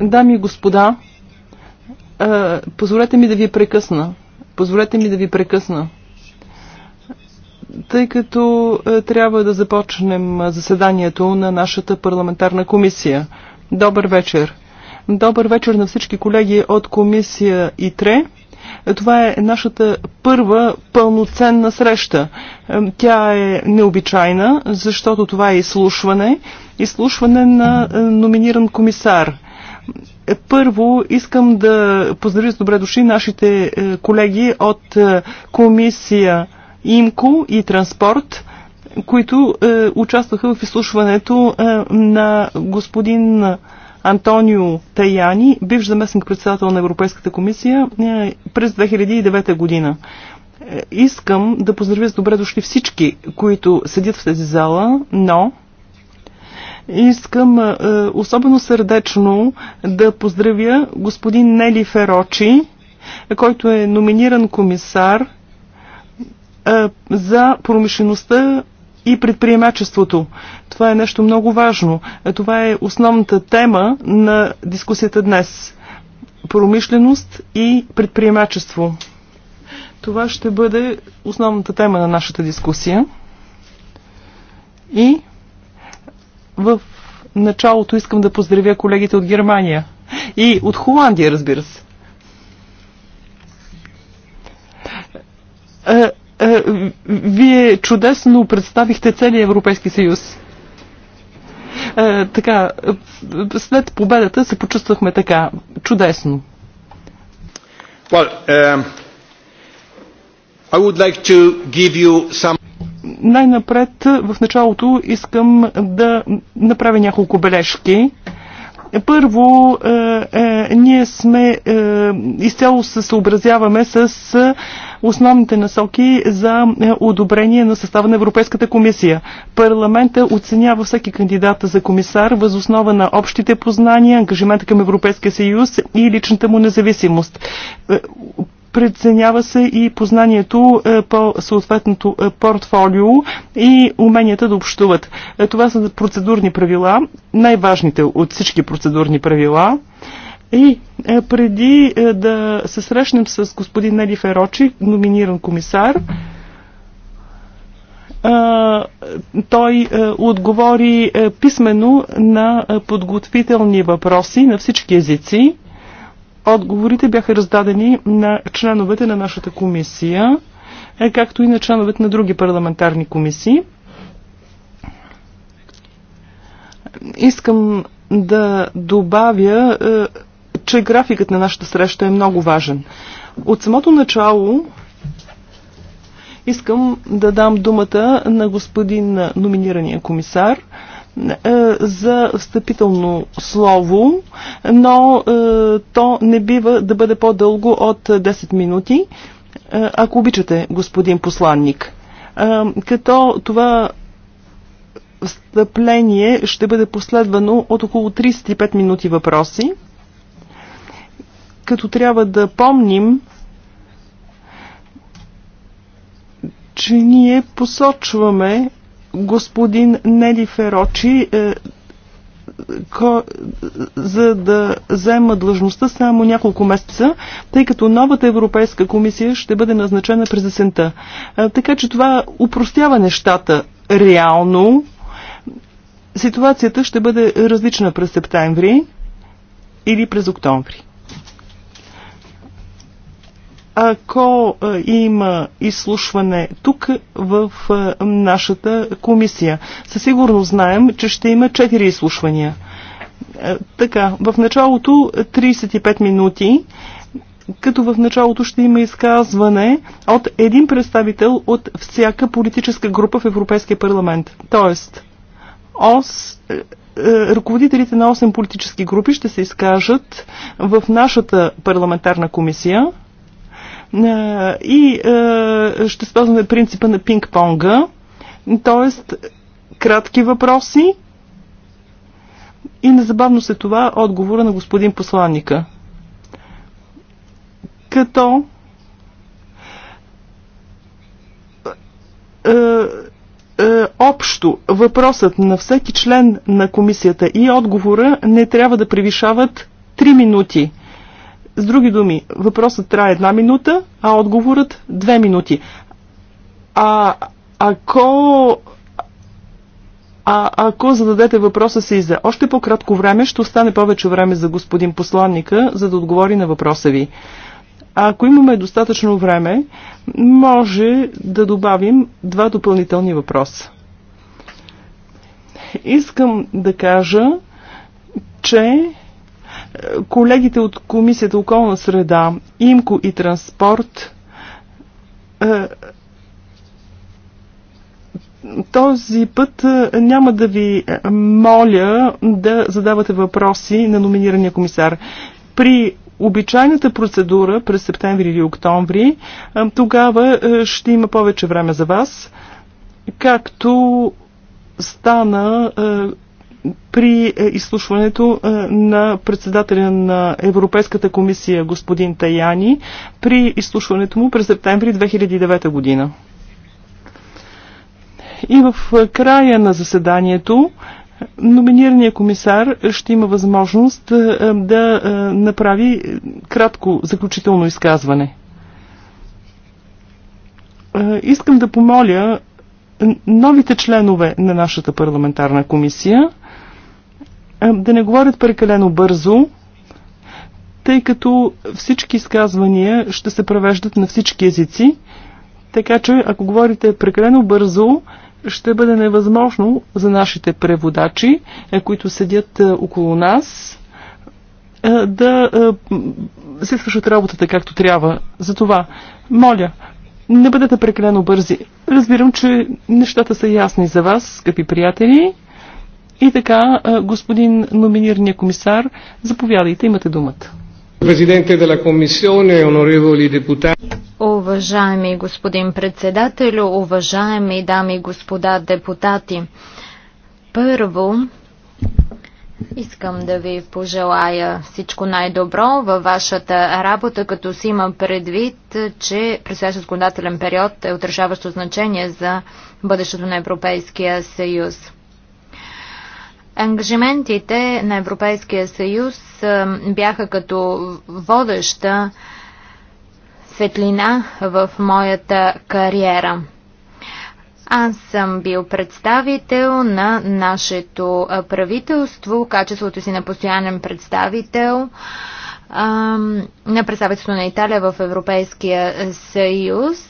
Дами и господа, е, позволете ми да ви прекъсна. Позволете ми да ви прекъсна. Тъй като е, трябва да започнем заседанието на нашата парламентарна комисия. Добър вечер. Добър вечер на всички колеги от комисия ИТРЕ. Това е нашата първа пълноценна среща. Тя е необичайна, защото това е изслушване. Изслушване на е, номиниран комисар. Е, първо искам да поздравя с добре души нашите е, колеги от комисия ИМКО и Транспорт, които участваха в изслушването на господин Антонио Таяни, бивш заместник председател на Европейската комисия е, през 2009 година. Е, искам да поздравя с добре дошли всички, които седят в тази зала, но искам е, особено сърдечно да поздравя господин Нели Ферочи, който е номиниран комисар за промишлеността и предприемачеството. Това е нещо много важно. Е, това е основната тема на дискусията днес. Промишленост и предприемачество. Това ще бъде основната тема на нашата дискусия. И в началото искам да поздравя колегите от Германия и от Холандия, разбира се. Е, е, вие чудесно представихте целия Европейски съюз. Е, така, след победата се почувствахме така чудесно. Well, uh, I would like to give you some най-напред в началото искам да направя няколко бележки. Първо, е, е, ние сме е, изцяло се съобразяваме с основните насоки за одобрение на състава на Европейската комисия. Парламента оценява всеки кандидат за комисар възоснова на общите познания, ангажимента към Европейския съюз и личната му независимост преценява се и познанието е, по съответното е, портфолио и уменията да общуват. Е, това са процедурни правила, най-важните от всички процедурни правила. И преди да се срещнем с господин Нели Ферочи, номиниран комисар, той отговори писменно на подготвителни въпроси на всички езици. Отговорите бяха раздадени на членовете на нашата комисия, е, както и на членовете на други парламентарни комисии. Искам да добавя, е, че графикът на нашата среща е много важен. От самото начало искам да дам думата на господин номинирания комисар, е, за встъпително слово, но е, то не бива да бъде по-дълго от 10 минути, е, ако обичате, господин посланник. Като това встъпление ще бъде последвано от около 35 минути въпроси, като трябва да помним, че ние посочваме господин Нели Ферочи е, за да взема длъжността само няколко месеца, тъй като новата Европейска комисия ще бъде назначена през есента. Е, така че това упростява нещата реално. Ситуацията ще бъде различна през септември или през октомври ако е, има изслушване тук в е, нашата комисия. Със сигурност знаем, че ще има 4 изслушвания. Е, така, в началото 35 минути, като в началото ще има изказване от един представител от всяка политическа група в Европейския парламент. Тоест, ОС, ръководителите на 8 политически групи ще се изкажат в нашата парламентарна комисия и ще спазваме принципа на пинг-понга, т.е. кратки въпроси и незабавно след това отговора на господин посланника. Като общо въпросът на всеки член на комисията и отговора не трябва да превишават 3 минути. С други думи, въпросът трае една минута, а отговорът две минути. А ако а ако зададете въпроса си за още по-кратко време, ще остане повече време за господин посланника, за да отговори на въпроса ви. А ако имаме достатъчно време, може да добавим два допълнителни въпроса. Искам да кажа, че Колегите от Комисията околна среда, имко и транспорт е, този път е, няма да ви е, моля да задавате въпроси на номинирания комисар. При обичайната процедура през септември или октомври, тогава ще има повече време за вас, както стана при е, изслушването е, на председателя на Европейската комисия господин Таяни при изслушването му през септември 2009 година. И в е, края на заседанието номинирания комисар ще има възможност да направи кратко заключително изказване. Искам да помоля новите членове на нашата парламентарна комисия е, да не говорят прекалено бързо, тъй като всички изказвания ще се превеждат на всички езици, така че ако говорите прекалено бързо, ще бъде невъзможно за нашите преводачи, е, които седят е, около нас, да се свършат работата както трябва. Затова, моля, не бъдете прекалено бързи. Разбирам, че нещата са ясни за вас, скъпи приятели. И така, господин номинирния комисар, заповядайте, имате думата. Президенте на комисионе, оноревали депутати. Уважаеми господин председател, уважаеми дами и господа депутати, първо Искам да ви пожелая всичко най-добро във вашата работа, като си имам предвид, че предстоящ законодателен период е отрешаващо значение за бъдещето на Европейския съюз. Ангажиментите на Европейския съюз бяха като водеща светлина в моята кариера. Аз съм бил представител на нашето правителство, качеството си на постоянен представител на представителството на Италия в Европейския съюз.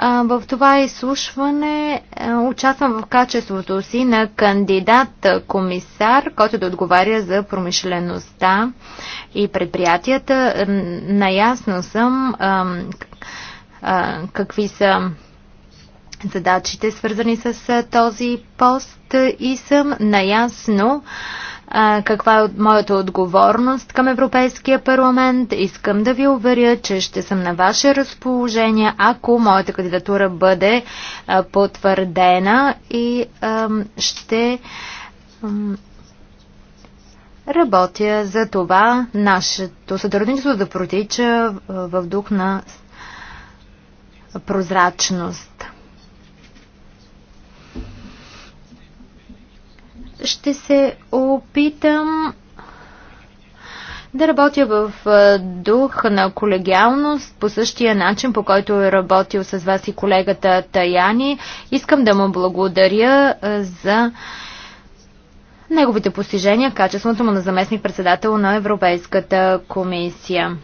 В това изслушване е, участвам в качеството си на кандидат-комисар, е, който да отговаря за промишлеността и предприятията. Е, наясно съм какви са задачите, свързани с този пост и съм наясно каква е моята отговорност към Европейския парламент. Искам да ви уверя, че ще съм на ваше разположение, ако моята кандидатура бъде потвърдена и ще работя за това нашето сътрудничество да протича в дух на прозрачност. Ще се опитам да работя в дух на колегиалност, по същия начин, по който е работил с вас и колегата Таяни. Искам да му благодаря за неговите постижения, качеството му на заместник-председател на Европейската комисия.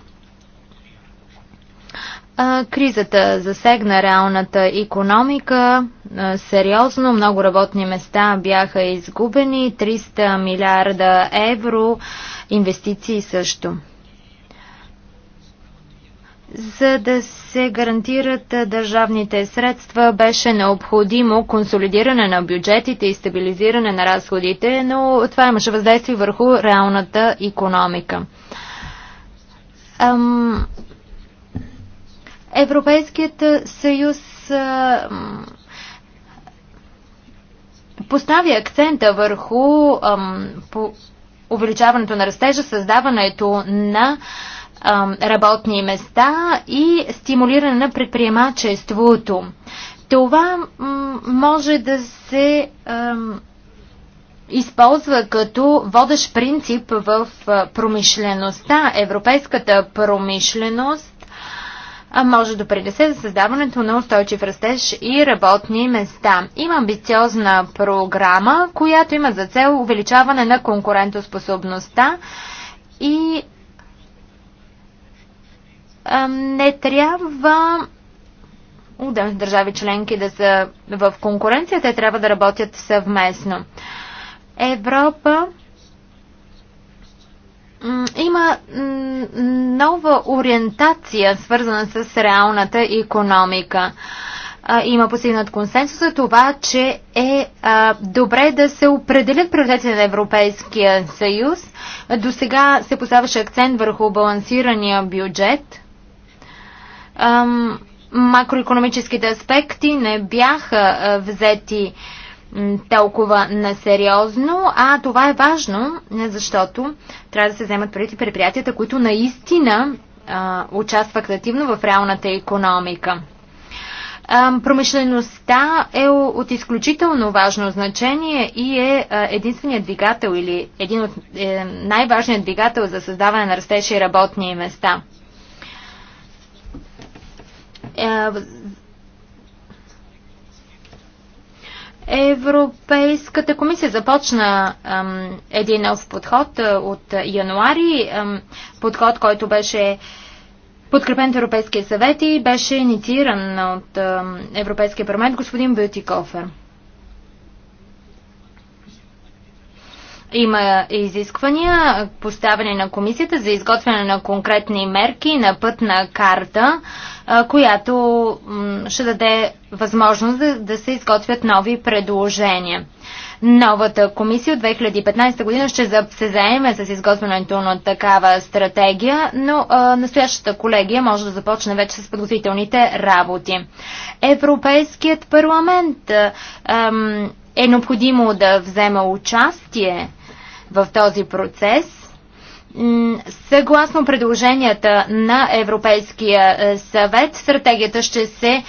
Кризата засегна реалната економика сериозно. Много работни места бяха изгубени. 300 милиарда евро инвестиции също. За да се гарантират държавните средства, беше необходимо консолидиране на бюджетите и стабилизиране на разходите, но това имаше въздействие върху реалната економика. Европейският съюз постави акцента върху увеличаването на растежа, създаването на работни места и стимулиране на предприемачеството. Това може да се използва като водещ принцип в промишлеността. Европейската промишленост а може да допринесе за създаването на устойчив растеж и работни места. Има амбициозна програма, която има за цел увеличаване на конкурентоспособността и не трябва отделните държави членки да са в конкуренция, те трябва да работят съвместно. Европа има нова ориентация, свързана с реалната економика. Има постигнат консенсус за това, че е добре да се определят приоритетите на Европейския съюз. До сега се поставяше акцент върху балансирания бюджет. Макроекономическите аспекти не бяха взети толкова насериозно, а това е важно, защото трябва да се вземат преди предприятията, които наистина а, участват активно в реалната економика. промишлеността е от изключително важно значение и е единственият двигател или един от е, най-важният двигател за създаване на растещи работни места е, Европейската комисия започна ам, един нов подход от януари, ам, подход, който беше подкрепен от Европейския съвет и беше иницииран от ам, Европейския парламент господин Бютикофер. Има изисквания, поставени на комисията за изготвяне на конкретни мерки на пътна карта, която ще даде възможност да, се изготвят нови предложения. Новата комисия от 2015 година ще се заеме с изготвянето на такава стратегия, но а, настоящата колегия може да започне вече с подготвителните работи. Европейският парламент а, а, е необходимо да вземе участие в този процес. Съгласно предложенията на Европейския е, съвет, стратегията ще се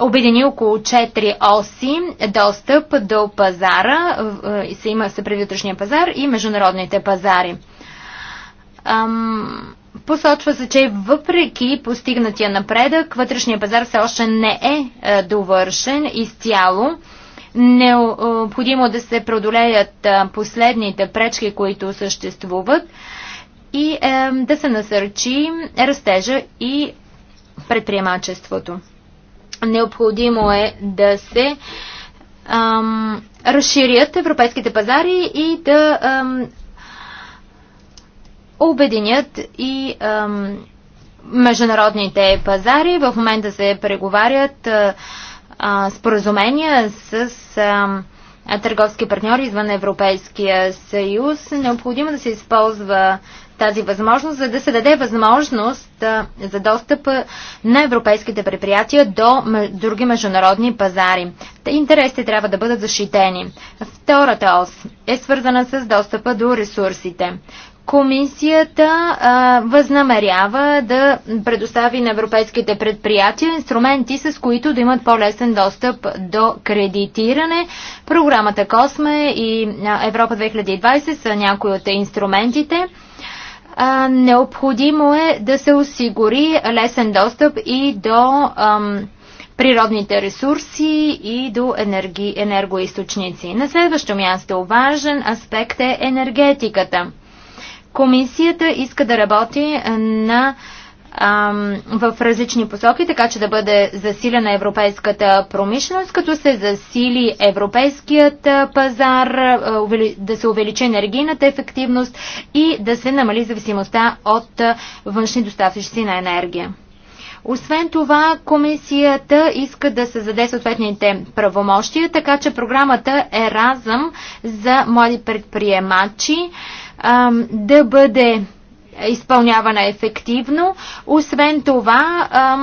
обедини около 4 оси достъп до пазара, е, се има се предвътрешния пазар и международните пазари. Посочва се, че въпреки постигнатия напредък, вътрешния пазар все още не е, е довършен изцяло необходимо да се преодолеят последните пречки, които съществуват и да се насърчи растежа и предприемачеството. Необходимо е да се ам, разширят европейските пазари и да ам, обединят и ам, международните пазари. В момента се преговарят а, споразумения с а, търговски партньори извън Европейския съюз. Необходимо да се използва тази възможност, за да се даде възможност а, за достъп на европейските предприятия до други международни пазари. Те интересите трябва да бъдат защитени. Втората ос е свързана с достъпа до ресурсите. Комисията а, възнамерява да предостави на европейските предприятия инструменти, с които да имат по-лесен достъп до кредитиране. Програмата Косме и Европа 2020 са някои от инструментите. А, необходимо е да се осигури лесен достъп и до ам, природните ресурси и до енерги, енергоисточници. На следващо място важен аспект е енергетиката – Комисията иска да работи е, на в различни посоки, така че да бъде засилена европейската промишленост, като се засили европейският е, пазар, е, да се увеличи енергийната ефективност и да се намали зависимостта от външни доставчици на енергия. Освен това, комисията иска да създаде съответните правомощия, така че програмата Е разъм за млади предприемачи а, да бъде изпълнявана ефективно. Освен това, а,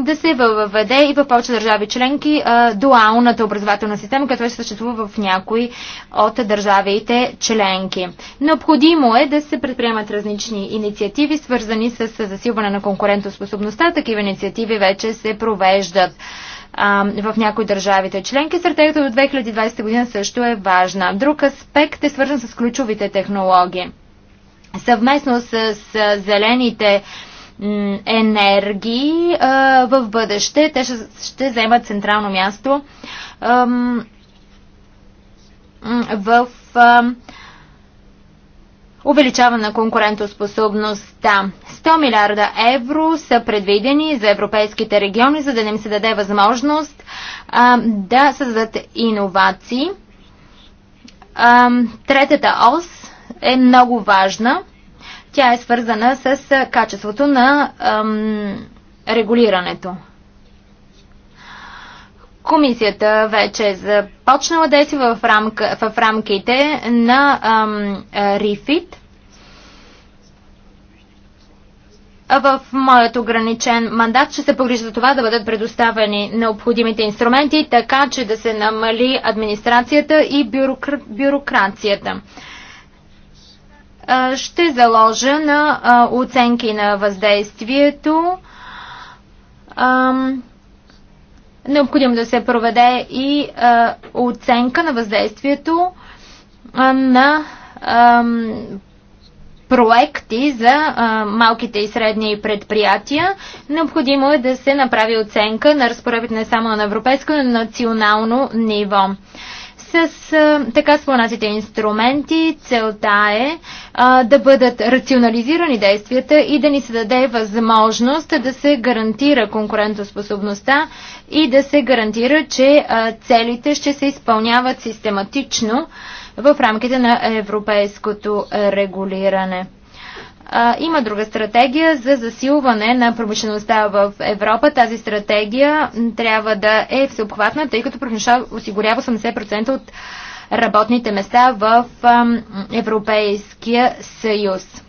да се въведе и в повече държави членки а, дуалната образователна система, която ще съществува в някои от държавите членки. Необходимо е да се предприемат различни инициативи, свързани с засилване на конкурентоспособността. Такива инициативи вече се провеждат а, в някои държавите членки. Стратегията до 2020 година също е важна. Друг аспект е свързан с ключовите технологии. Съвместно с, с зелените енергии в бъдеще. Те ще, ще вземат централно място в увеличаване на конкурентоспособността. 100 милиарда евро са предвидени за европейските региони, за да им се даде възможност а, да създадат иновации. А, третата ос е много важна. Тя е свързана с качеството на ам, регулирането. Комисията вече е започнала действия в, рамка, в рамките на ам, РИФИТ. В моят ограничен мандат ще се погрижа за това да бъдат предоставени необходимите инструменти, така че да се намали администрацията и бюрокр... бюрокрацията. Ще заложа на оценки на въздействието. Необходимо да се проведе и а, оценка на въздействието а, на а, проекти за а, малките и средни предприятия. Необходимо е да се направи оценка на разпоредбите не само на европейско, но на национално ниво. С а, така спонатите инструменти целта е а, да бъдат рационализирани действията и да ни се даде възможност да се гарантира конкурентоспособността и да се гарантира, че целите ще се изпълняват систематично в рамките на европейското регулиране. Има друга стратегия за засилване на промишлеността в Европа. Тази стратегия трябва да е всеобхватна, тъй като промишлеността осигурява 80% от работните места в Европейския съюз.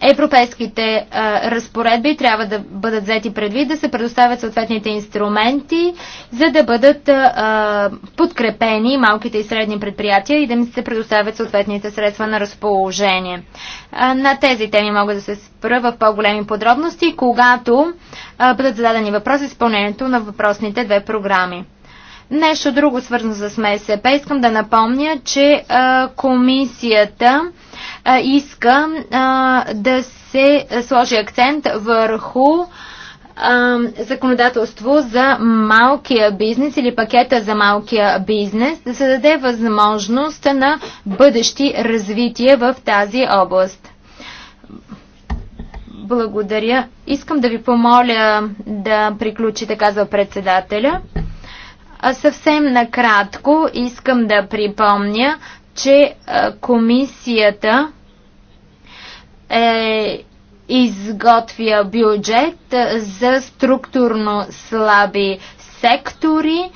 Европейските а, е, разпоредби трябва да бъдат взети предвид, да се предоставят съответните инструменти, за да бъдат а, е, е, подкрепени малките и средни предприятия и да им се предоставят съответните средства на разположение. А, на тези теми мога да се спра в по-големи подробности, когато а, бъдат зададени въпроси с изпълнението на въпросните две програми. Нещо друго свързано с МСП. Искам да напомня, че а, комисията иска да се сложи акцент върху законодателство за малкия бизнес или пакета за малкия бизнес, да се даде възможност на бъдещи развитие в тази област. Благодаря. Искам да ви помоля да приключите, казва председателя. А съвсем накратко искам да припомня, че е, комисията е изготвя бюджет е, за структурно слаби сектори,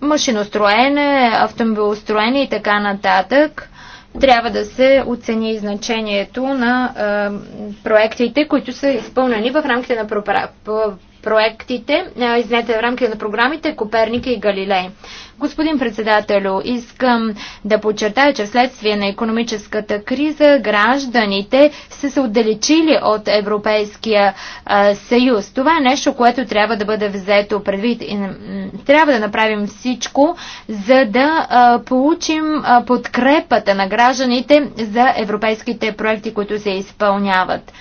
машиностроене, автомобилостроене и така нататък. Трябва да се оцени значението на проектите, които са изпълнени в рамките на проектите, изнете в рамките на програмите Коперника и Галилей. Господин председателю, искам да подчертая, че вследствие на економическата криза гражданите са се отдалечили от Европейския а, съюз. Това е нещо, което трябва да бъде взето предвид. И, трябва да направим всичко, за да а, получим а, подкрепата на гражданите за европейските проекти, които се изпълняват.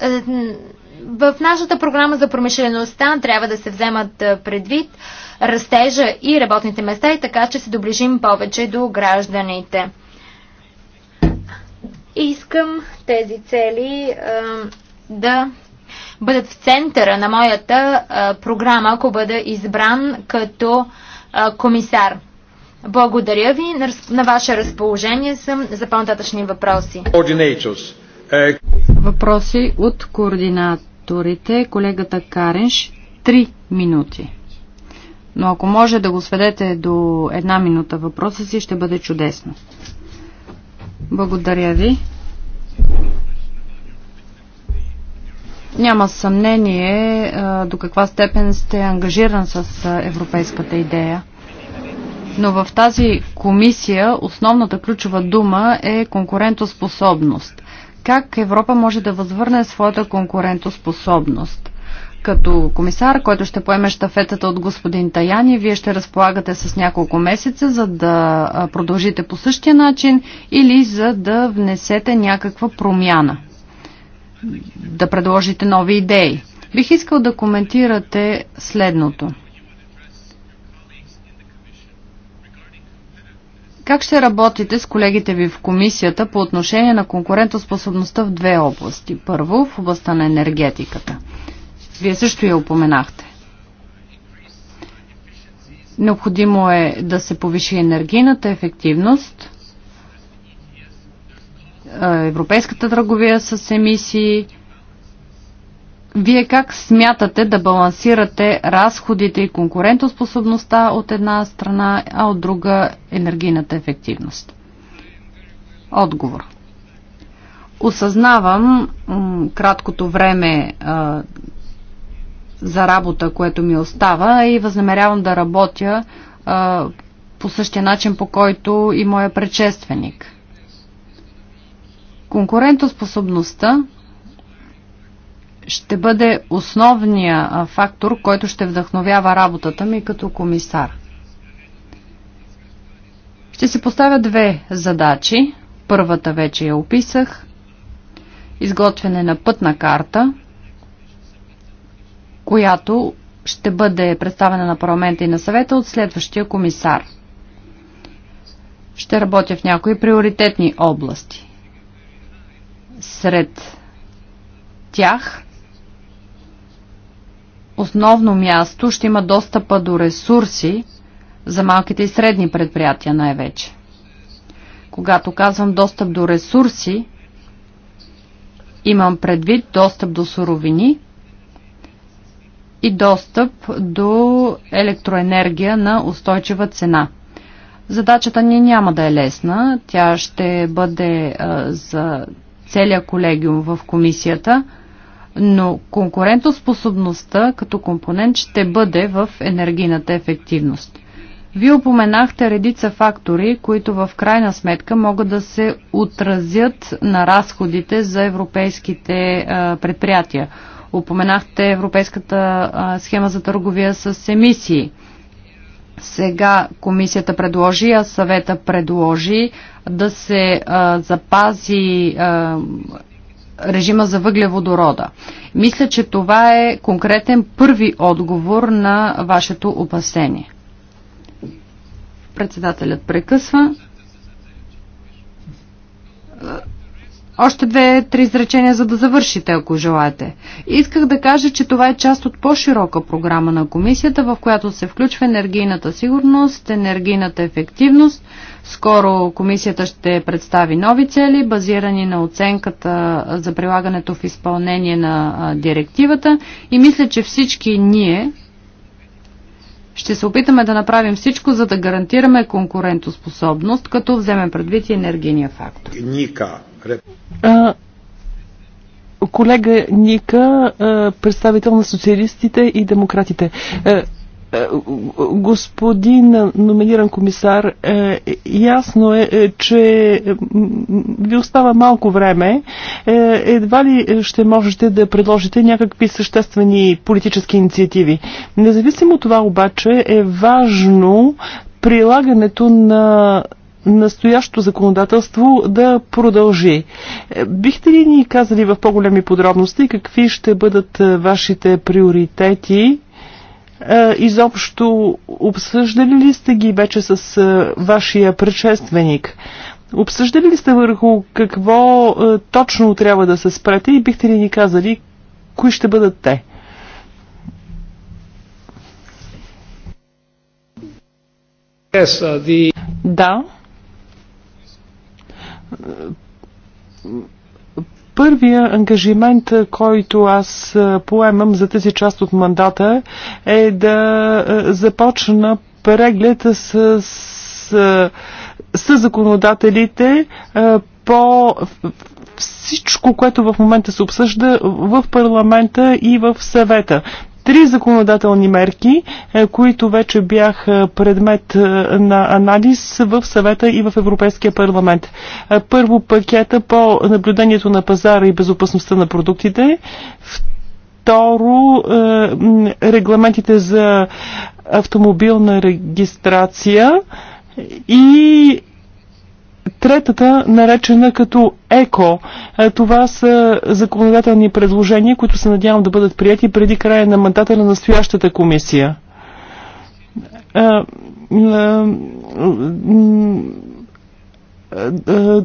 Е, в нашата програма за промишлеността трябва да се вземат е, предвид растежа и работните места и така, че се доближим повече до гражданите. Искам тези цели е, да бъдат в центъра на моята програма, ако бъда избран като комисар. Благодаря ви. На ваше разположение съм за по-нататъчни въпроси. Въпроси от координаторите. Колегата Каренш, 3 минути. Но ако може да го сведете до една минута въпроса си, ще бъде чудесно. Благодаря ви. Няма съмнение до каква степен сте ангажиран с европейската идея. Но в тази комисия основната ключова дума е конкурентоспособност как Европа може да възвърне своята конкурентоспособност. Като комисар, който ще поеме штафетата от господин Таяни, вие ще разполагате с няколко месеца, за да продължите по същия начин или за да внесете някаква промяна, да предложите нови идеи. Бих искал да коментирате следното. Как ще работите с колегите ви в комисията по отношение на конкурентоспособността в две области? Първо, в областта на енергетиката. Вие също я упоменахте. Необходимо е да се повиши енергийната ефективност, е, европейската търговия с емисии – вие как смятате да балансирате разходите и конкурентоспособността от една страна, а от друга енергийната ефективност? Отговор. Осъзнавам краткото време а, за работа, което ми остава и възнамерявам да работя а, по същия начин, по който и моя предшественик. Конкурентоспособността ще бъде основния фактор, който ще вдъхновява работата ми като комисар. Ще се поставя две задачи. Първата вече я описах. Изготвяне на пътна карта, която ще бъде представена на парламента и на съвета от следващия комисар. Ще работя в някои приоритетни области. Сред тях основно място ще има достъпа до ресурси за малките и средни предприятия най-вече. Когато казвам достъп до ресурси, имам предвид достъп до суровини и достъп до електроенергия на устойчива цена. Задачата ни няма да е лесна. Тя ще бъде а, за целия колегиум в комисията – но конкурентоспособността като компонент ще бъде в енергийната ефективност. Вие упоменахте редица фактори, които в крайна сметка могат да се отразят на разходите за европейските предприятия. Упоменахте европейската схема за търговия с емисии. Сега комисията предложи, а съвета предложи да се запази режима за въглеводорода. Мисля, че това е конкретен първи отговор на вашето опасение. Председателят прекъсва. Още две-три изречения, за да завършите, ако желаете. Исках да кажа, че това е част от по-широка програма на комисията, в която се включва енергийната сигурност, енергийната ефективност. Скоро комисията ще представи нови цели, базирани на оценката за прилагането в изпълнение на директивата. И мисля, че всички ние, ще се опитаме да направим всичко, за да гарантираме конкурентоспособност, като вземем предвид и енергийния фактор. Ника. Колега Ника, представител на социалистите и демократите господин номиниран комисар, е, ясно е, е че ви остава малко време. Е, едва ли ще можете да предложите някакви съществени политически инициативи. Независимо от това обаче е важно прилагането на настоящото законодателство да продължи. Е, бихте ли ни казали в по-големи подробности какви ще бъдат е, вашите приоритети? Е, изобщо обсъждали ли сте ги вече с вашия предшественик? Обсъждали ли сте върху какво точно трябва да се спрете и бихте ли ни казали кои ще бъдат те? Yes, uh, the... Да. Първия ангажимент, който аз поемам за тази част от мандата е да започна преглед с, с, с законодателите по всичко, което в момента се обсъжда в парламента и в съвета три законодателни мерки, е, които вече бяха предмет е, на анализ в съвета и в Европейския парламент. Е, първо пакета по наблюдението на пазара и безопасността на продуктите. Второ, регламентите за автомобилна регистрация и Третата, наречена като ЕКО, е, това са законодателни предложения, които се надявам да бъдат прияти преди края на мандата на настоящата комисия. Е, е,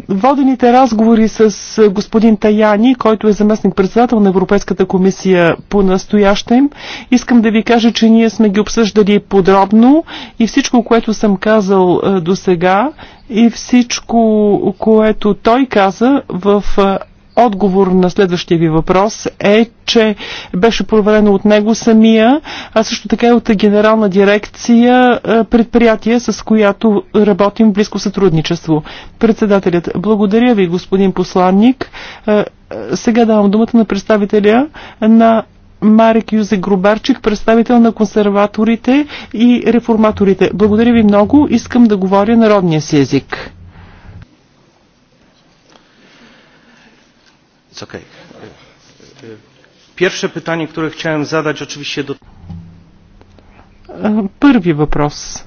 водените разговори с господин Таяни, който е заместник-председател на Европейската комисия по настоящем, искам да ви кажа, че ние сме ги обсъждали подробно и всичко, което съм казал до сега, и всичко, което той каза в е, отговор на следващия ви въпрос е, че беше проверено от него самия, а също така и от генерална дирекция е, предприятие, с която работим близко сътрудничество. Председателят, благодаря ви, господин посланник. Е, сега давам думата на представителя на Марик Юзе Грубарчик, представител на консерваторите и реформаторите. Благодаря ви много. Искам да говоря народния си език. Okay. Pierwsze pytanie, które chciałem zadać oczywiście до... Първи въпрос.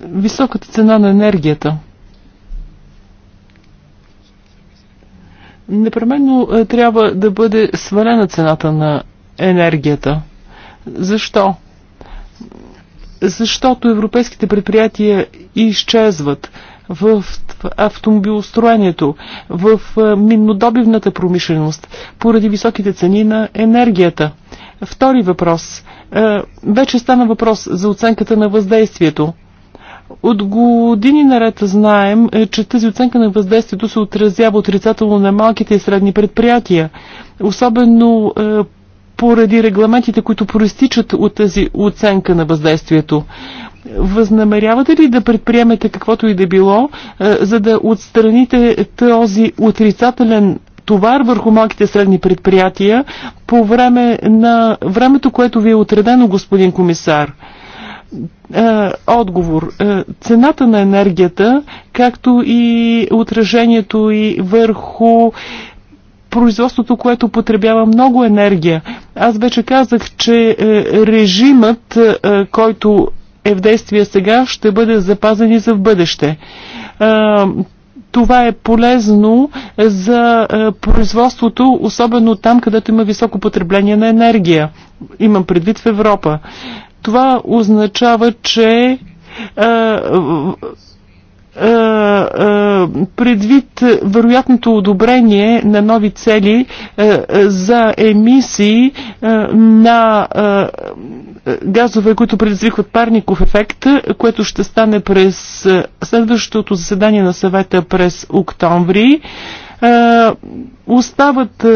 Високата цена на енергията – непременно е, трябва да бъде свалена цената на енергията. Защо? Защото европейските предприятия изчезват в автомобилостроението, в е, миннодобивната промишленост, поради високите цени на енергията. Втори въпрос. Е, вече стана въпрос за оценката на въздействието. От години наред знаем, е, че тази оценка на въздействието се отразява отрицателно на малките и средни предприятия, особено е, поради регламентите, които проистичат от тази оценка на въздействието. Възнамерявате ли да предприемете каквото и да било, е, за да отстраните този отрицателен товар върху малките средни предприятия по време на времето, което ви е отредено, господин комисар? Е, отговор. Е, цената на енергията, както и отражението и върху производството, което потребява много енергия. Аз вече казах, че е, режимът, който е в действие сега, ще бъде запазен и за в бъдеще. Това е полезно за производството, особено там, където има високо потребление на енергия. Имам предвид в Европа. Това означава, че предвид вероятното одобрение на нови цели за емисии на газове, които предизвикват парников ефект, което ще стане през следващото заседание на съвета през октомври. Остават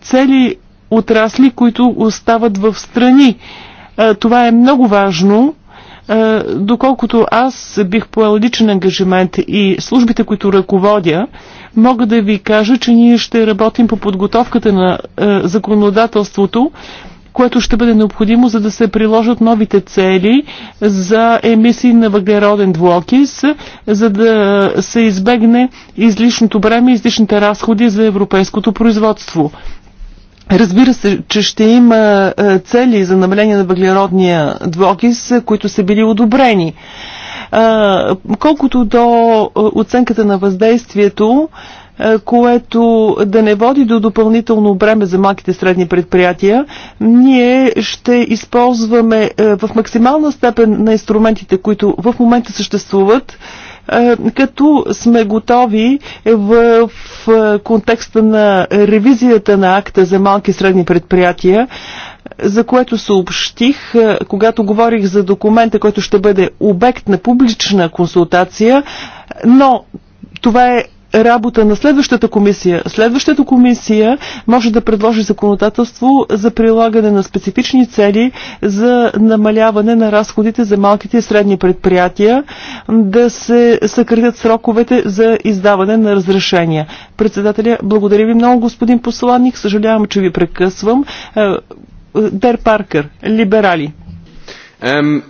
цели отрасли, които остават в страни е, това е много важно. Е, доколкото аз бих поел личен ангажимент и службите, които ръководя, мога да ви кажа, че ние ще работим по подготовката на е, законодателството, което ще бъде необходимо, за да се приложат новите цели за емисии на въглероден двуокис, за да се избегне излишното бреме, излишните разходи за европейското производство. Разбира се, че ще има е, цели за намаление на въглеродния двокис, е, които са били одобрени. Е, колкото до оценката на въздействието, което да не води до допълнително бреме за малките средни предприятия, ние ще използваме в максимална степен на инструментите, които в момента съществуват, като сме готови в контекста на ревизията на акта за малки и средни предприятия, за което съобщих, когато говорих за документа, който ще бъде обект на публична консултация, но това е работа на следващата комисия. Следващата комисия може да предложи законодателство за прилагане на специфични цели за намаляване на разходите за малките и средни предприятия, да се съкратят сроковете за издаване на разрешения. Председателя, благодаря ви много, господин посланник. Съжалявам, че ви прекъсвам. Е, Дер Паркър, либерали. Um,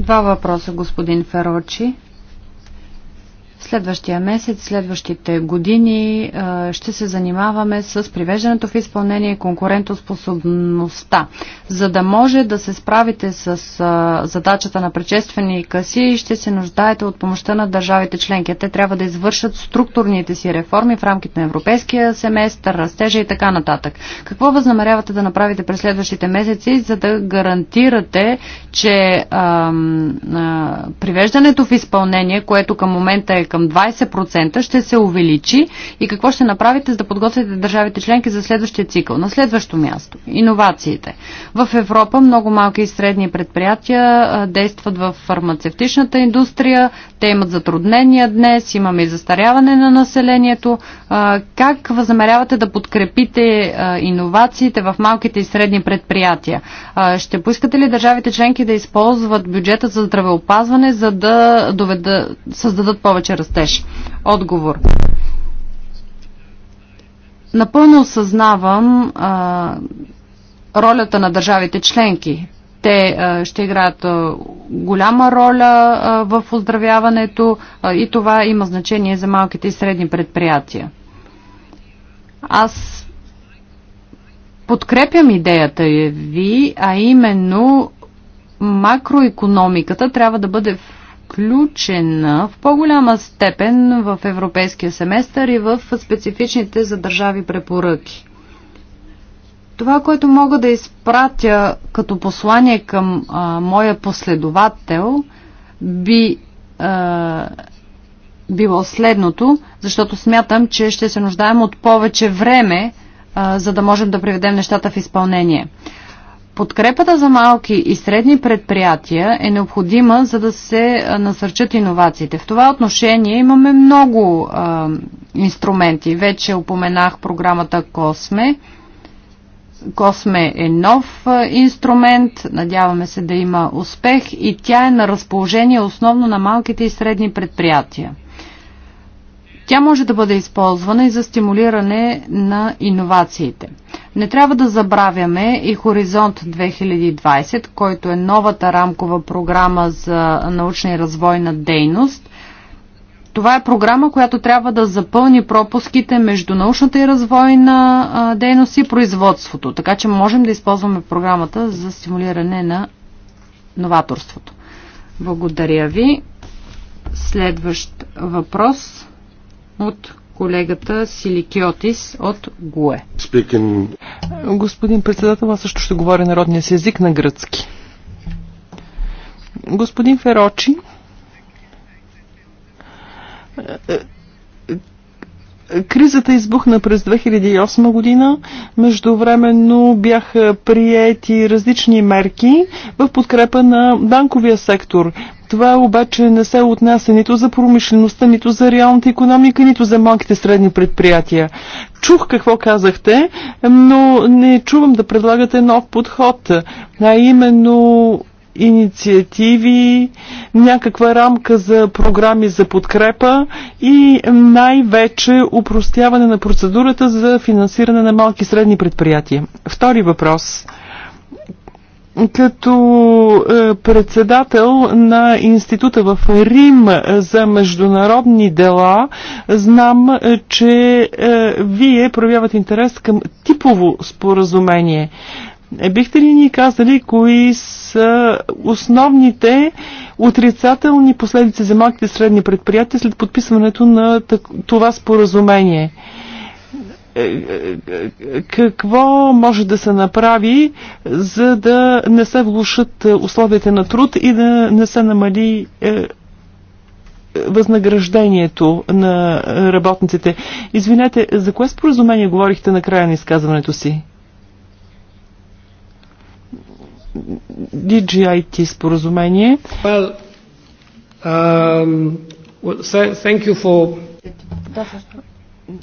Два въпроса, господин Ферочи. Следващия месец, следващите години ще се занимаваме с привеждането в изпълнение и конкурентоспособността. За да може да се справите с задачата на предшественика си, ще се нуждаете от помощта на държавите членки. Те трябва да извършат структурните си реформи в рамките на европейския семестър, растежа и така нататък. Какво възнамерявате да направите през следващите месеци, за да гарантирате, че ам, а, привеждането в изпълнение, което към момента е към 20% ще се увеличи и какво ще направите за да подготвите държавите членки за следващия цикъл? На следващо място, иновациите. В Европа много малки и средни предприятия действат в фармацевтичната индустрия, те имат затруднения днес, имаме и застаряване на населението. Как възнамерявате да подкрепите иновациите в малките и средни предприятия? Ще поискате ли държавите членки да използват бюджета за здравеопазване, за да доведа, създадат повече растеж? Отговор. Напълно осъзнавам а, ролята на държавите членки. Те а, ще играят а, голяма роля а, в оздравяването а, и това има значение за малките и средни предприятия. Аз подкрепям идеята ви, а именно макроекономиката трябва да бъде включена в по-голяма степен в европейския семестър и в специфичните за държави препоръки. Това, което мога да изпратя като послание към а, моя последовател, би а, било следното, защото смятам, че ще се нуждаем от повече време, а, за да можем да приведем нещата в изпълнение. Подкрепата за малки и средни предприятия е необходима, за да се насърчат иновациите. В това отношение имаме много а, инструменти. Вече упоменах програмата Косме. Косме е нов инструмент, надяваме се да има успех и тя е на разположение основно на малките и средни предприятия. Тя може да бъде използвана и за стимулиране на иновациите. Не трябва да забравяме и Хоризонт 2020, който е новата рамкова програма за научна и развойна дейност. Това е програма, която трябва да запълни пропуските между научната и развойна дейност и производството, така че можем да използваме програмата за стимулиране на новаторството. Благодаря ви. Следващ въпрос от колегата Силикиотис от ГУЕ. Speaking... Господин председател, аз също ще говоря народния си език на гръцки. Господин Ферочи, Кризата избухна през 2008 година. Междувременно бяха приети различни мерки в подкрепа на банковия сектор. Това обаче не се отнася нито за промишлеността, нито за реалната економика, нито за малките средни предприятия. Чух какво казахте, но не чувам да предлагате нов подход, а именно инициативи, някаква рамка за програми за подкрепа и най-вече упростяване на процедурата за финансиране на малки и средни предприятия. Втори въпрос като е, председател на института в Рим за международни дела, знам, е, че е, вие проявявате интерес към типово споразумение. Е, бихте ли ни казали кои са основните отрицателни последици за малките и средни предприятия след подписването на това споразумение? Е, е, какво може да се направи, за да не се влушат условията на труд и да не се намали възнаграждението на работниците? Извинете, за кое споразумение говорихте на края на изказването си? DGIT споразумение. Well, um, well, thank you for...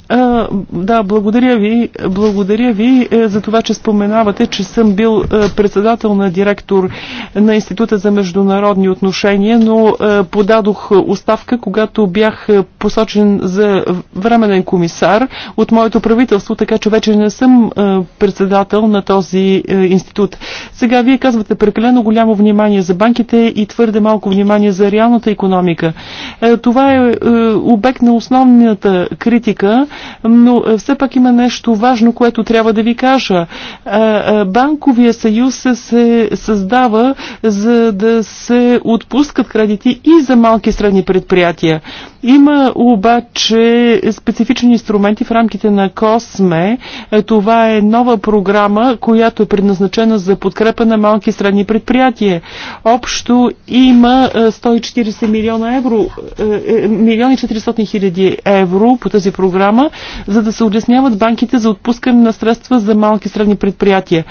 А, да, благодаря ви. Благодаря ви е, за това, че споменавате, че съм бил е, председател на директор на Института за международни отношения, но е, подадох оставка, когато бях посочен за временен комисар от моето правителство, така че вече не съм председател на този институт. Сега вие казвате прекалено голямо внимание за банките и твърде малко внимание за реалната економика. Това е обект на основната критика но е, все пак има нещо важно, което трябва да ви кажа. Е, е, Банковия съюз се създава за да се отпускат кредити и за малки и средни предприятия. Има обаче специфични инструменти в рамките на Косме. Е, това е нова програма, която е предназначена за подкрепа на малки и средни предприятия. Общо има 140 е, милиона евро, е, милиони 400 хиляди евро по тази програма, за да се улесняват банките за отпускане на средства за малки и средни предприятия.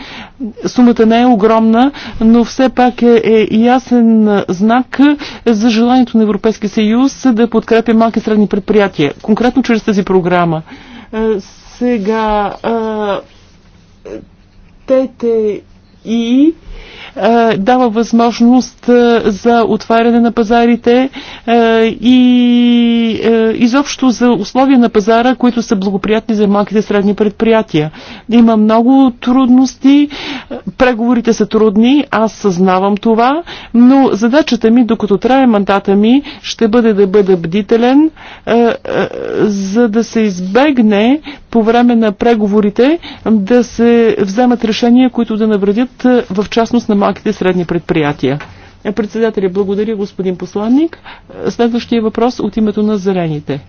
Сумата не е огромна, но все пак е ясен знак за желанието на Европейския съюз да подкрепа подкрепя малки и средни предприятия, конкретно чрез тази програма. Е, сега, е, ТТИ дава възможност за отваряне на пазарите и изобщо за условия на пазара, които са благоприятни за малките и средни предприятия. Има много трудности, преговорите са трудни, аз съзнавам това, но задачата ми, докато трае мандата ми, ще бъде да бъда бдителен, за да се избегне по време на преговорите да се вземат решения, които да навредят в частност безопасност на малките и средни предприятия. Е, председателя, благодаря господин посланник. Е, следващия въпрос от името на зелените.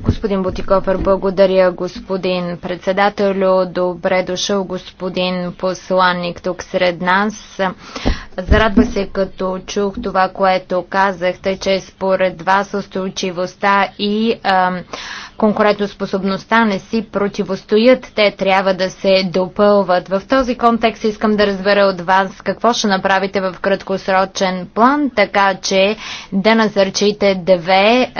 Господин Бутикофер, благодаря господин председателю. Добре дошъл господин посланник тук сред нас. Зарадва се като чух това, което казахте, че според вас устойчивостта и ам, конкурентоспособността не си противостоят. Те трябва да се допълват. В този контекст искам да разбера от вас какво ще направите в краткосрочен план, така че да насърчите две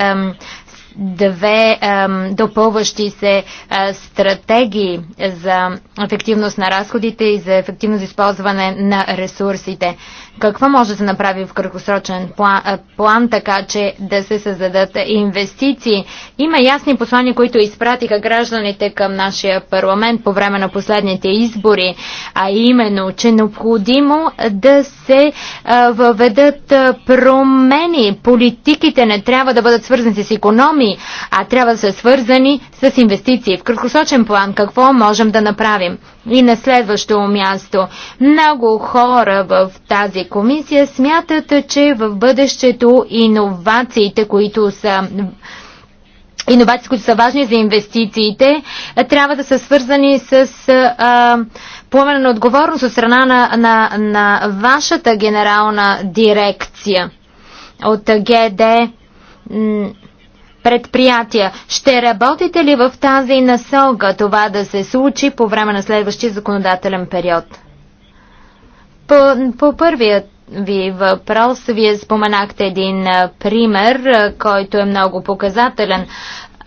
две ем, допълващи се а, стратегии за ефективност на разходите и за ефективност използване на ресурсите. Какво може да се направи в краткосрочен план, план, така че да се създадат инвестиции? Има ясни послания, които изпратиха гражданите към нашия парламент по време на последните избори, а именно, че е необходимо да се въведат промени. Политиките не трябва да бъдат свързани с економии, а трябва да са свързани с инвестиции. В краткосрочен план какво можем да направим? И на следващо място, много хора в тази комисия смятат, че в бъдещето иновациите, които са иновации, които са важни за инвестициите, трябва да са свързани с а, поемане на отговорност от страна на, на, на вашата генерална дирекция от ГД предприятия. Ще работите ли в тази насока това да се случи по време на следващия законодателен период? По, по първият ви въпрос. Вие споменахте един пример, който е много показателен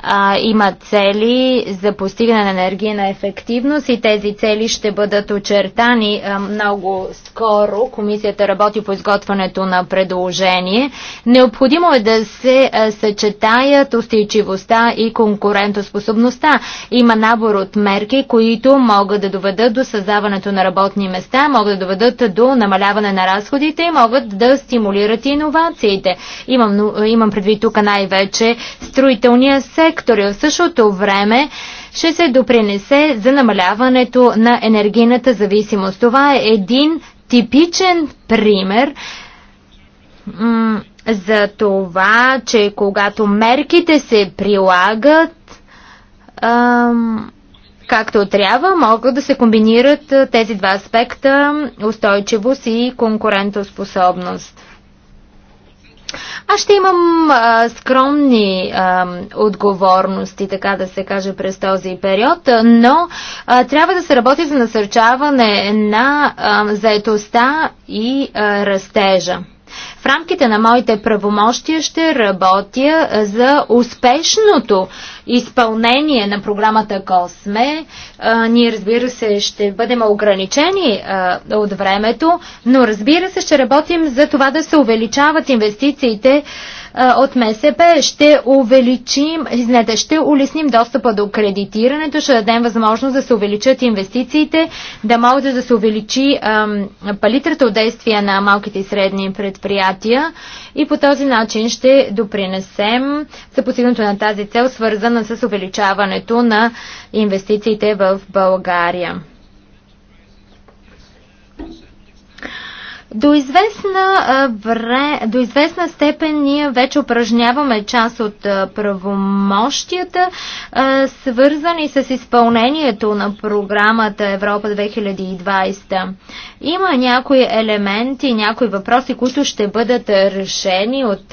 а, има цели за постигане на енергийна ефективност и тези цели ще бъдат очертани а, много скоро. Комисията работи по изготвянето на предложение. Необходимо е да се а, съчетаят устойчивостта и конкурентоспособността. Има набор от мерки, които могат да доведат до създаването на работни места, могат да доведат до намаляване на разходите и могат да стимулират иновациите. Имам, имам предвид тук най-вече строителния сектор сектори. В същото време ще се допринесе за намаляването на енергийната зависимост. Това е един типичен пример за това, че когато мерките се прилагат както трябва, могат да се комбинират тези два аспекта устойчивост и конкурентоспособност. Аз ще имам а, скромни а, отговорности, така да се каже, през този период, но а, трябва да се работи за насърчаване на а, заетостта и а, растежа. В рамките на моите правомощия ще работя за успешното изпълнение на програмата Косме. А, ние, разбира се, ще бъдем ограничени а, от времето, но разбира се, ще работим за това да се увеличават инвестициите а, от МСП. Ще увеличим, извинете, ще улесним достъпа до кредитирането, ще дадем възможност да се увеличат инвестициите, да могат да се увеличи палитрата от действия на малките и средни предприятия и по този начин ще допринесем за постигнато на тази цел, свързана с увеличаването на инвестициите в България. До известна, вре, до известна степен ние вече упражняваме част от правомощията, свързани с изпълнението на програмата Европа 2020. Има някои елементи, някои въпроси, които ще бъдат решени от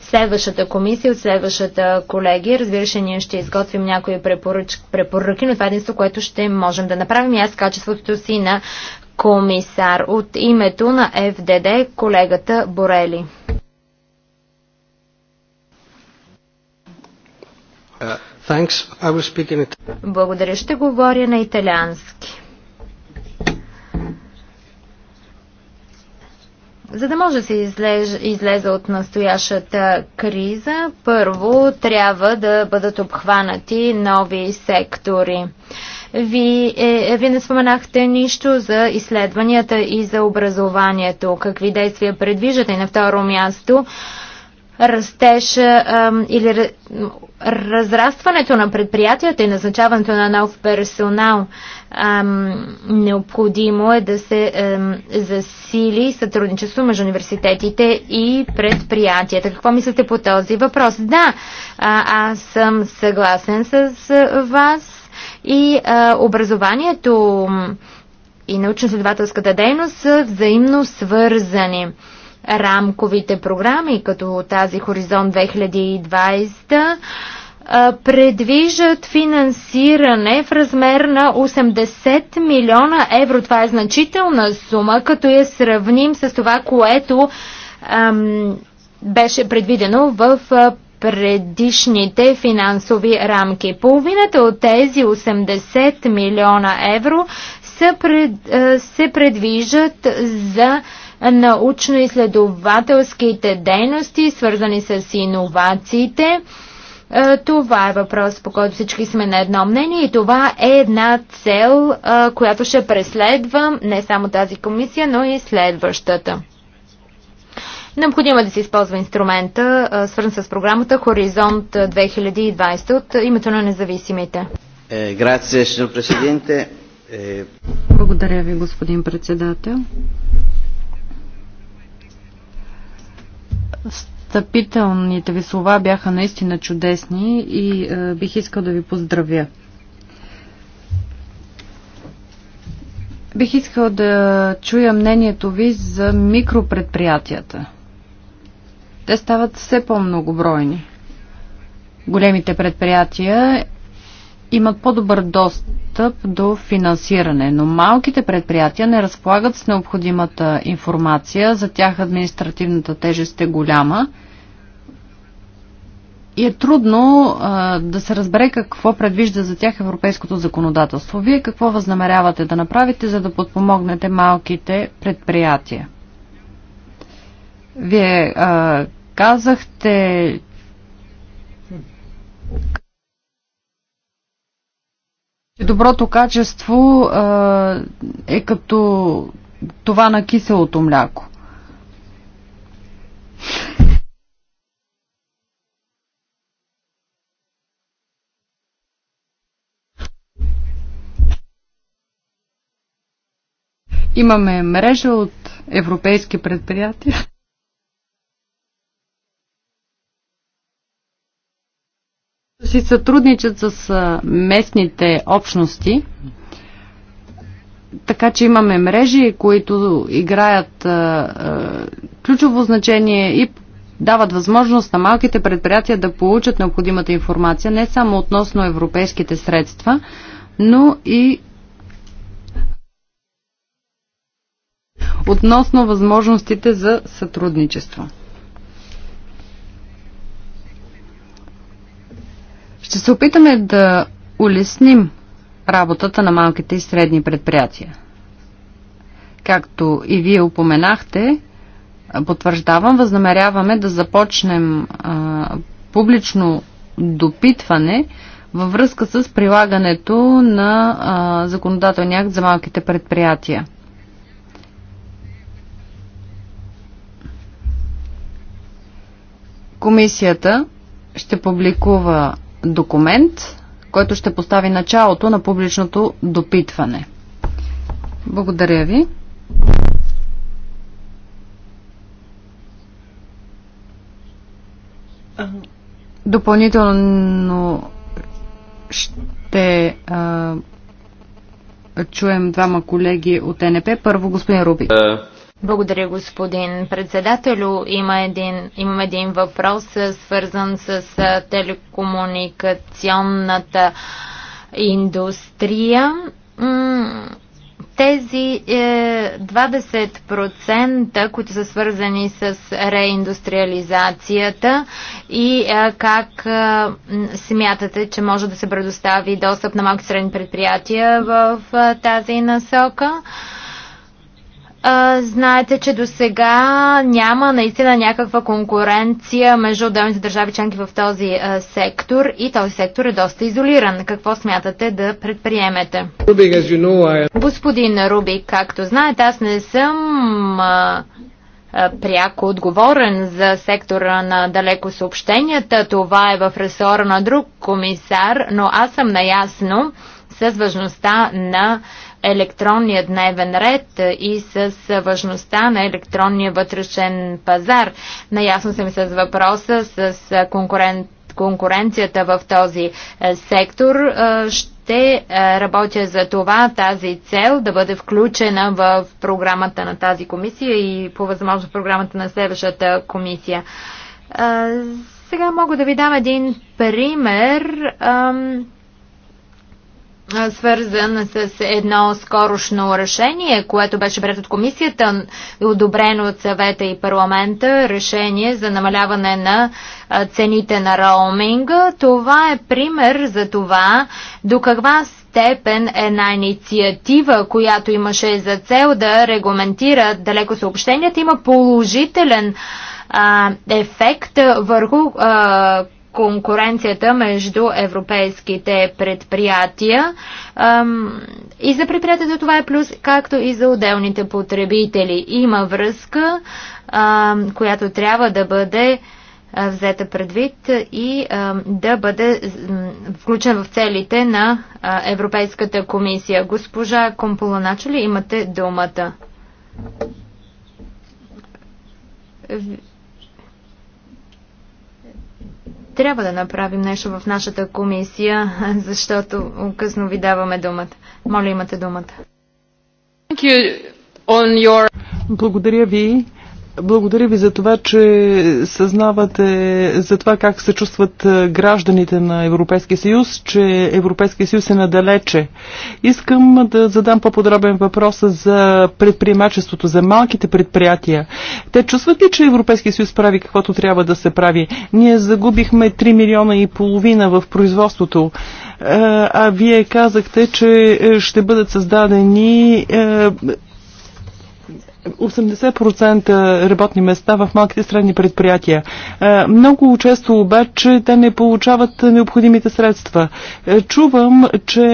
следващата комисия, от следващата колегия. Разбира се, ние ще изготвим някои препоръч, препоръки, но това е единство, което ще можем да направим. И аз качеството си на комисар. От името на ФДД колегата Борели. Uh, Благодаря. Ще говоря на италиански. За да може да се излезе, от настоящата криза, първо трябва да бъдат обхванати нови сектори. Вие, е, не споменахте нищо за изследванията и за образованието. Какви действия предвиждате? На второ място, растеж или разрастването на предприятията и назначаването на нов персонал. Необходимо е да се засили сътрудничество между университетите и предприятията. Какво мислите по този въпрос? Да, аз съм съгласен с вас и образованието и научно-следователската дейност са взаимно свързани рамковите програми, като тази Хоризонт 2020, предвиждат финансиране в размер на 80 милиона евро. Това е значителна сума, като я сравним с това, което ам, беше предвидено в предишните финансови рамки. Половината от тези 80 милиона евро се, пред, се предвижат за научно-изследователските дейности, свързани с иновациите. Е, това е въпрос, по който всички сме на едно мнение и това е една цел, е, която ще преследва не само тази комисия, но и следващата. Необходимо е да се използва инструмента, е, свързан с програмата Хоризонт 2020 от името на независимите. Благодаря ви, господин председател. Стъпителните ви слова бяха наистина чудесни и е, бих искал да ви поздравя. Бих искал да чуя мнението ви за микропредприятията. Те стават все по-многобройни. Големите предприятия имат по-добър достъп до финансиране, но малките предприятия не разполагат с необходимата информация, за тях административната тежест е голяма и е трудно а, да се разбере какво предвижда за тях европейското законодателство. Вие какво възнамерявате да направите, за да подпомогнете малките предприятия? Вие а, казахте, Доброто качество е като това на киселото мляко. Имаме мрежа от европейски предприятия. си сътрудничат с местните общности, така че имаме мрежи, които играят ключово значение и дават възможност на малките предприятия да получат необходимата информация не само относно европейските средства, но и относно възможностите за сътрудничество. Ще се опитаме да улесним работата на малките и средни предприятия. Както и вие упоменахте, потвърждавам, възнамеряваме да започнем а, публично допитване във връзка с прилагането на а, законодателния акт за малките предприятия. Комисията ще публикува документ, който ще постави началото на публичното допитване. Благодаря ви. Допълнително ще а, чуем двама колеги от НП. Първо господин Рубик. Е, благодаря, господин председателю. Има един, имам един въпрос, е свързан с е, телекомуникационната индустрия. Тези 20%, е, които са свързани с реиндустриализацията и как смятате, че може да се предостави достъп на малки средни предприятия в тази насока? А, знаете, че до сега няма наистина някаква конкуренция между отделните държави членки в този а, сектор и този сектор е доста изолиран. Какво смятате да предприемете? Рубик, you know, I... Господин Руби, както знаете, аз не съм а, пряко отговорен за сектора на далеко съобщенията. Това е в ресора на друг комисар, но аз съм наясно с важността на електронния дневен ред и с важността на електронния вътрешен пазар. Наясно съм с въпроса с конкурент конкуренцията в този е, сектор. Е, ще е, работя за това тази цел да бъде включена в програмата на тази комисия и по възможност в програмата на следващата комисия. Сега мога да ви дам един пример свързан с едно скорошно решение, което беше пред от комисията и одобрено от съвета и парламента, решение за намаляване на цените на роуминга. Това е пример за това до каква степен една инициатива, която имаше за цел да регламентира далеко съобщенията, има положителен а, ефект върху а, конкуренцията между европейските предприятия. И за предприятията това е плюс, както и за отделните потребители. Има връзка, която трябва да бъде взета предвид и да бъде включен в целите на Европейската комисия. Госпожа Комполоначо ли, имате думата. Трябва да направим нещо в нашата комисия, защото късно ви даваме думата. Моля, имате думата. Благодаря ви благодаря ви за това, че съзнавате за това как се чувстват гражданите на Европейския съюз, че Европейския съюз е надалече. Искам да задам по-подробен въпрос за предприемачеството, за малките предприятия. Те чувстват ли, че Европейския съюз прави каквото трябва да се прави? Ние загубихме 3 милиона и половина в производството а вие казахте, че е, ще бъдат създадени е, 80% работни места в малките средни предприятия. Е, много често обаче те не получават необходимите средства. Е, чувам, че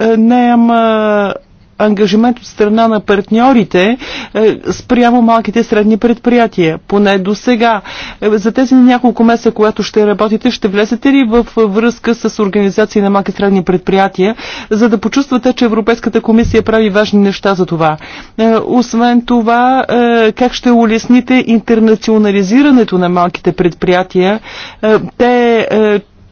е, няма ангажимент от страна на партньорите е, спрямо малките и средни предприятия, поне до сега. Е, за тези няколко месеца, когато ще работите, ще влезете ли в връзка с организации на малки и средни предприятия, за да почувствате, че Европейската комисия прави важни неща за това? Е, освен това, как ще улесните интернационализирането на малките предприятия? Те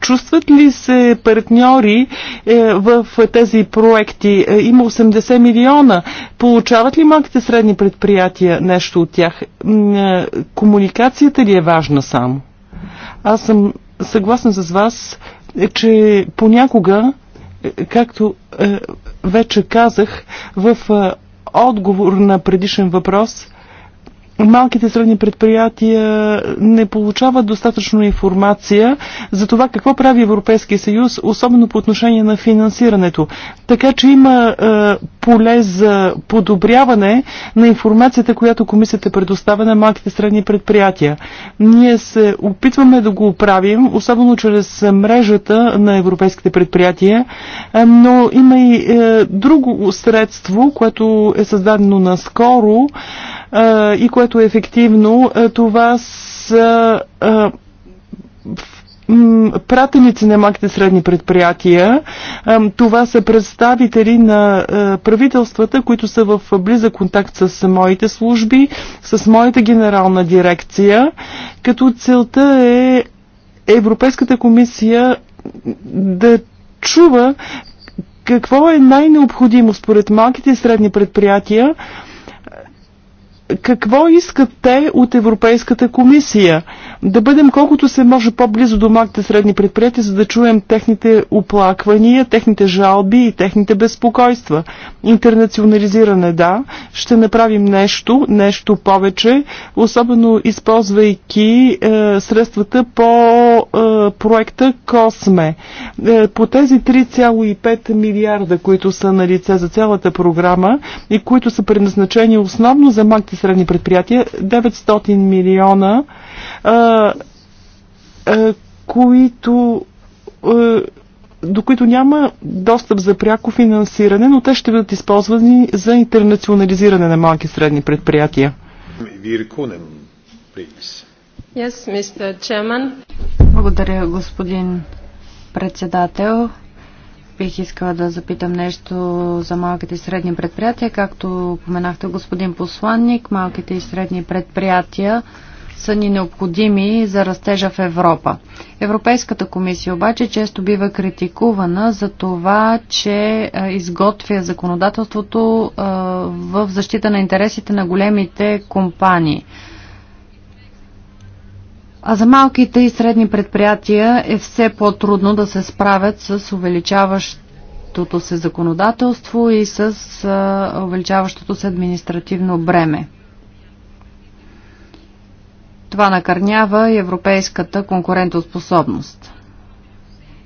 Чувстват ли се партньори е, в тези проекти? Е, има 80 милиона. Получават ли малките средни предприятия нещо от тях? Е, комуникацията ли е важна само? Аз съм съгласна с вас, че понякога, както вече казах, в отговор на предишен въпрос – малките средни предприятия не получават достатъчно информация за това какво прави Европейския съюз, особено по отношение на финансирането. Така че има е, поле за подобряване на информацията, която комисията предоставя на малките средни предприятия. Ние се опитваме да го оправим, особено чрез мрежата на европейските предприятия, е, но има и е, друго средство, което е създадено наскоро, и което е ефективно, това са пратеници на малките средни предприятия. Това са представители на правителствата, които са в близък контакт с моите служби, с моята генерална дирекция, като целта е Европейската комисия да чува какво е най-необходимо според малките и средни предприятия, какво искат те от Европейската комисия? да бъдем колкото се може по-близо до малките средни предприятия, за да чуем техните оплаквания, техните жалби и техните безпокойства. Интернационализиране, да, ще направим нещо, нещо повече, особено използвайки е, средствата по е, проекта Косме. Е, по тези 3,5 милиарда, които са на лице за цялата програма и които са предназначени основно за малките средни предприятия, 900 милиона а, а, които а, до които няма достъп за пряко финансиране, но те ще бъдат използвани за интернационализиране на малки и средни предприятия. Yes, Благодаря, господин председател. Бих искала да запитам нещо за малките и средни предприятия. Както поменахте господин посланник, малките и средни предприятия са ни необходими за растежа в Европа. Европейската комисия обаче често бива критикувана за това, че изготвя законодателството в защита на интересите на големите компании. А за малките и средни предприятия е все по-трудно да се справят с увеличаващото се законодателство и с увеличаващото се административно бреме. Това накърнява европейската конкурентоспособност.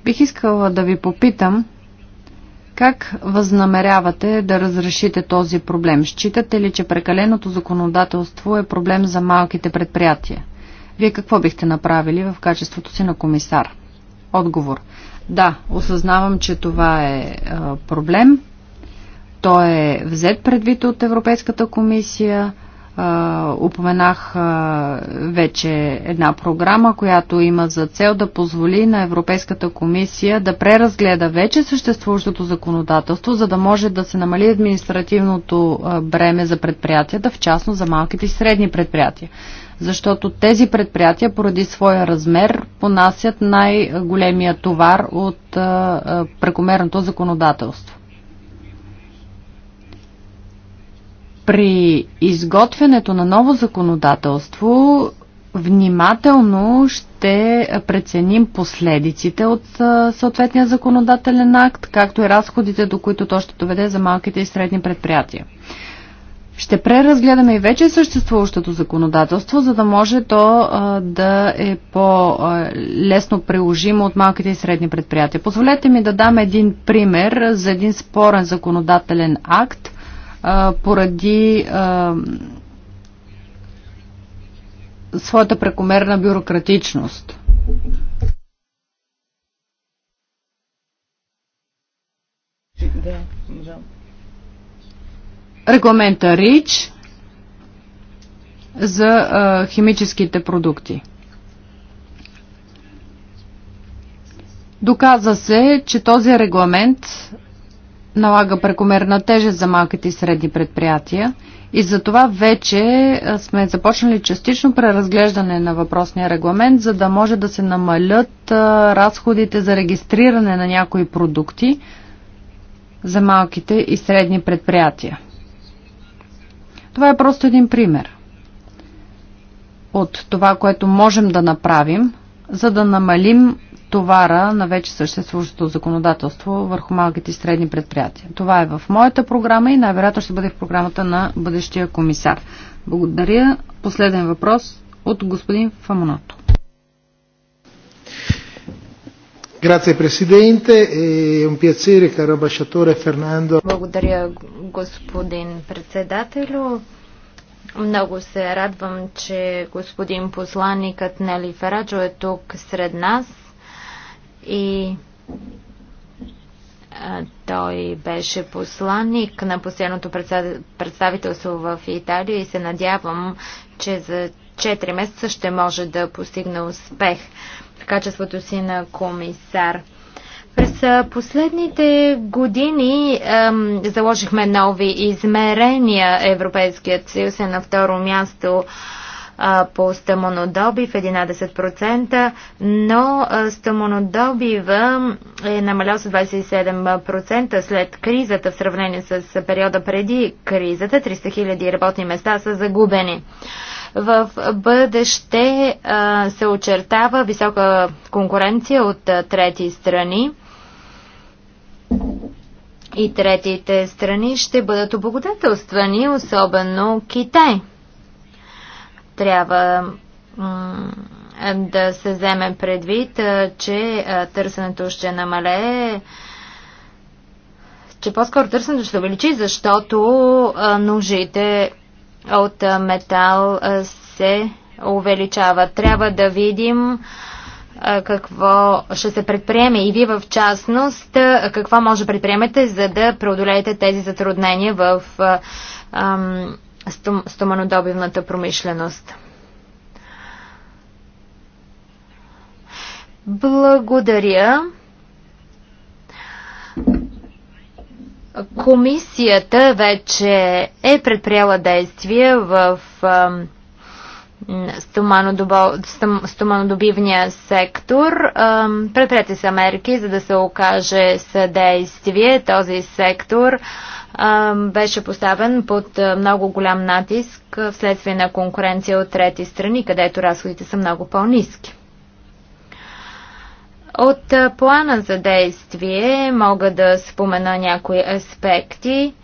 Бих искала да ви попитам, как възнамерявате да разрешите този проблем? Считате ли, че прекаленото законодателство е проблем за малките предприятия? Вие какво бихте направили в качеството си на комисар? Отговор. Да, осъзнавам, че това е проблем. Той е взет предвид от Европейската комисия упоменах вече една програма, която има за цел да позволи на Европейската комисия да преразгледа вече съществуващото законодателство, за да може да се намали административното бреме за предприятията, в частност за малките и средни предприятия. Защото тези предприятия поради своя размер понасят най-големия товар от прекомерното законодателство. при изготвянето на ново законодателство внимателно ще преценим последиците от съответния законодателен акт, както и разходите, до които то ще доведе за малките и средни предприятия. Ще преразгледаме и вече съществуващото законодателство, за да може то а, да е по-лесно приложимо от малките и средни предприятия. Позволете ми да дам един пример за един спорен законодателен акт – а, поради а, своята прекомерна бюрократичност. Регламента РИЧ за а, химическите продукти. Доказа се, че този регламент налага прекомерна тежест за малките и средни предприятия и за това вече сме започнали частично преразглеждане на въпросния регламент, за да може да се намалят разходите за регистриране на някои продукти за малките и средни предприятия. Това е просто един пример от това, което можем да направим, за да намалим товара на вече съществуващото законодателство върху малките и средни предприятия. Това е в моята програма и най-вероятно ще бъде в програмата на бъдещия комисар. Благодаря. Последен въпрос от господин Фамонато. Grazie Presidente, è un piacere caro ambasciatore Fernando. Благодаря господин председателю. Много се радвам, че господин посланникът Нели Фераджо е тук сред нас и той беше посланник на последното представителство в Италия и се надявам, че за 4 месеца ще може да постигне успех в качеството си на комисар. През последните години ем, заложихме нови измерения. Европейският съюз е на второ място по в 11%, но стамонодобива е намалял с 27% след кризата в сравнение с периода преди кризата. 300 000 работни места са загубени в бъдеще се очертава висока конкуренция от трети страни и третите страни ще бъдат облагодателствани, особено Китай трябва да се вземе предвид, че търсенето ще намалее, че по-скоро търсенето ще увеличи, защото нужите от метал се увеличават. Трябва да видим какво ще се предприеме и вие в частност, какво може да предприемете, за да преодолеете тези затруднения в ам, стоманодобивната промишленост. Благодаря. Комисията вече е предприела действия в стоманодобивния сектор. Предприяти са мерки, за да се окаже съдействие този сектор беше поставен под много голям натиск вследствие на конкуренция от трети страни, където разходите са много по-низки. От плана за действие мога да спомена някои аспекти.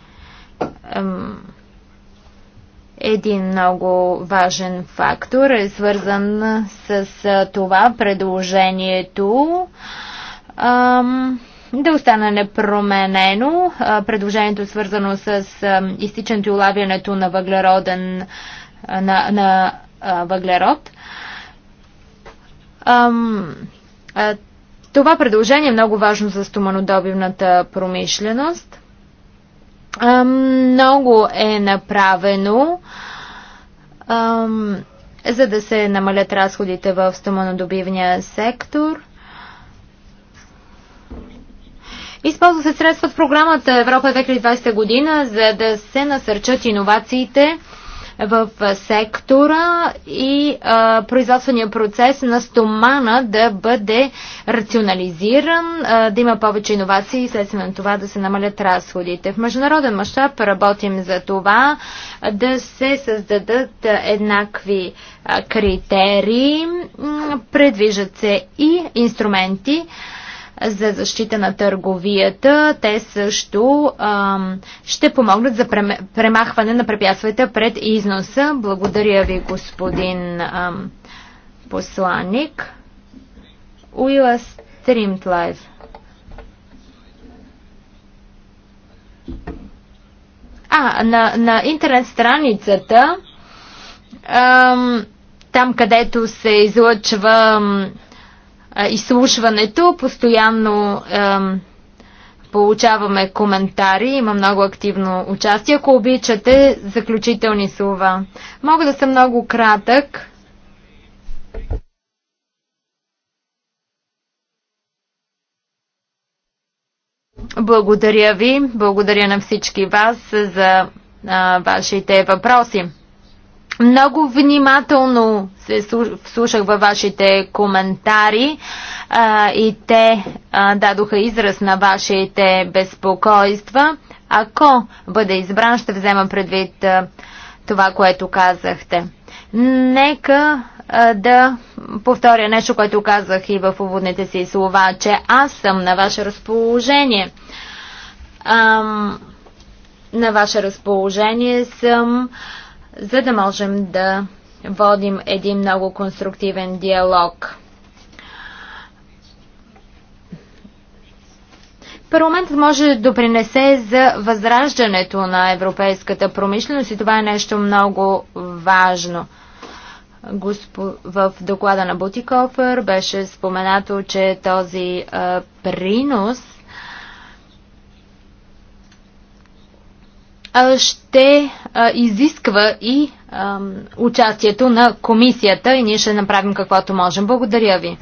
Един много важен фактор е свързан с това предложението да остане непроменено предложението е свързано с изтичането и улавянето на въглероден на, на въглерод. Това предложение е много важно за стоманодобивната промишленост. Много е направено за да се намалят разходите в стоманодобивния сектор. Използва се средства от програмата Европа 2020 година, за да се насърчат иновациите в сектора и а, производствения процес на стомана да бъде рационализиран, а, да има повече иновации и следствие на това да се намалят разходите. В международен мащаб работим за това а, да се създадат а, еднакви а, критерии, предвижат се и инструменти, а, за защита на търговията. Те също ам, ще помогнат за премахване на препятствията пред износа. Благодаря ви, господин ам, посланник. Уила Стримт Лайв. А, на, на интернет страницата, ам, там където се излъчва ам, изслушването. Постоянно получаваме коментари, има много активно участие. Ако обичате, заключителни слова. Мога да съм много кратък. Благодаря ви, благодаря на всички вас за а, вашите въпроси. Много внимателно се слушах във вашите коментари а, и те а, дадоха израз на вашите безпокойства. Ако бъде избран, ще взема предвид а, това, което казахте. Нека а, да повторя нещо, което казах и в уводните си слова, че аз съм на ваше разположение. Ам, на ваше разположение съм. А, за да можем да водим един много конструктивен диалог. Парламентът може да допринесе за възраждането на европейската промишленост и това е нещо много важно. В доклада на Бутикофер беше споменато, че този принос ще изисква и участието на комисията и ние ще направим каквото можем. Благодаря ви.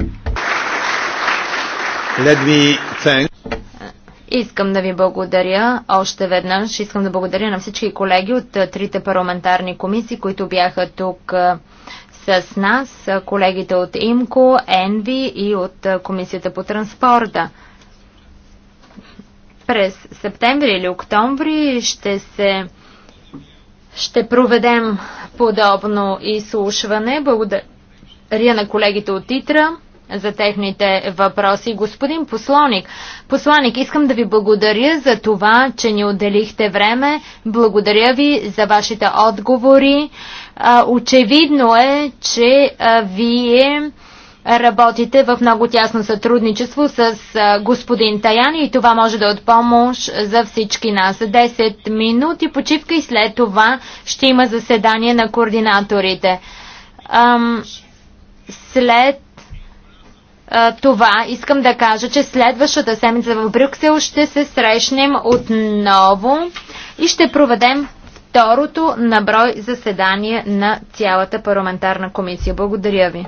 Искам да ви благодаря още веднъж. Искам да благодаря на всички колеги от трите парламентарни комисии, които бяха тук с нас, колегите от ИМКО, ЕНВИ и от Комисията по транспорта. През септември или октомври ще се ще проведем подобно изслушване. Благодаря на колегите от ИТРА за техните въпроси. Господин посланик, посланик, искам да ви благодаря за това, че ни отделихте време. Благодаря ви за вашите отговори. Очевидно е, че вие работите в много тясно сътрудничество с господин Таяни и това може да е от помощ за всички нас. 10 минути почивка и след това ще има заседание на координаторите. След това искам да кажа, че следващата седмица в Брюксел ще се срещнем отново и ще проведем второто наброй заседание на цялата парламентарна комисия. Благодаря ви.